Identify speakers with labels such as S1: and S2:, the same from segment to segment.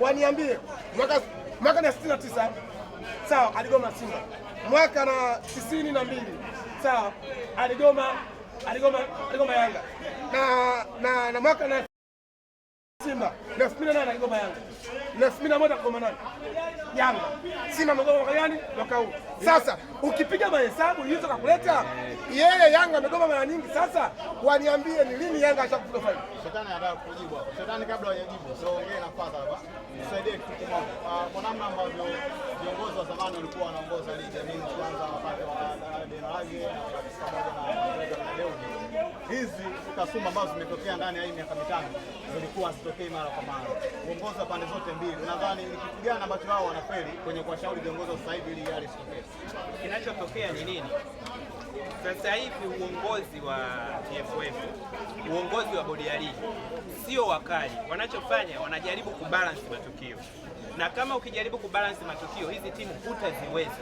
S1: waniambie mwaka mwaka na 69 sawa, aligoma Simba. Mwaka na tisini na mbili sawa, aligoma aligoma aligoma Yanga na, na, na mwaka na Simba na elfu mbili na nane akigoma Yanga na elfu mbili na moja akigoma nani? Yanga. Simba amegoma mwaka gani? Mwaka huu. Sasa ukipiga mahesabu hizo kakuleta yeye, Yanga amegoma mara nyingi. Sasa waniambie ni lini Yanga ashakufuga faini?
S2: Shetani anataka kujibu hapo. Shetani, kabla hajajibu, so ongee na hapa, tusaidie kitu kimoja ah, kwa namna ambavyo viongozi wa zamani walikuwa wanaongoza ligi ya kwanza wapate wa Denarage pamoja na Deuji, hizi kasumba ambazo zimetokea ndani ya miaka mitano watakuwa wasitokee mara kwa mara. Uongozi wa pande zote mbili, nadhani ni kitu gani ambacho wao wanafeli kwenye kuwashauri viongozi wa sasa hivi ili hali isitokee? Kinachotokea ni nini? Sasa hivi uongozi wa TFF, uongozi wa bodi ya ligi sio wakali. Wanachofanya wanajaribu kubalance matukio, na kama ukijaribu kubalance matukio, hizi timu hutaziweza,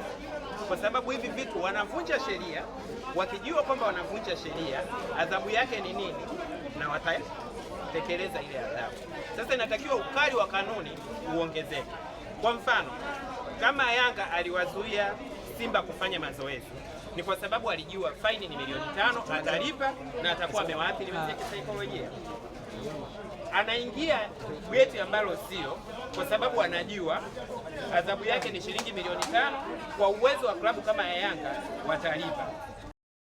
S2: kwa sababu hivi vitu wanavunja sheria. Wakijua kwamba wanavunja sheria, adhabu yake ni nini? na wata kutekeleza ile adhabu. Sasa inatakiwa ukali wa kanuni uongezeke. Kwa mfano, kama Yanga aliwazuia Simba kufanya mazoezi ni kwa sababu alijua faini ni milioni tano atalipa na atakuwa amewaathiri wenzake Anaingia geti ambalo sio, kwa sababu anajua adhabu yake ni shilingi milioni tano. Kwa uwezo wa klabu kama ya Yanga watalipa.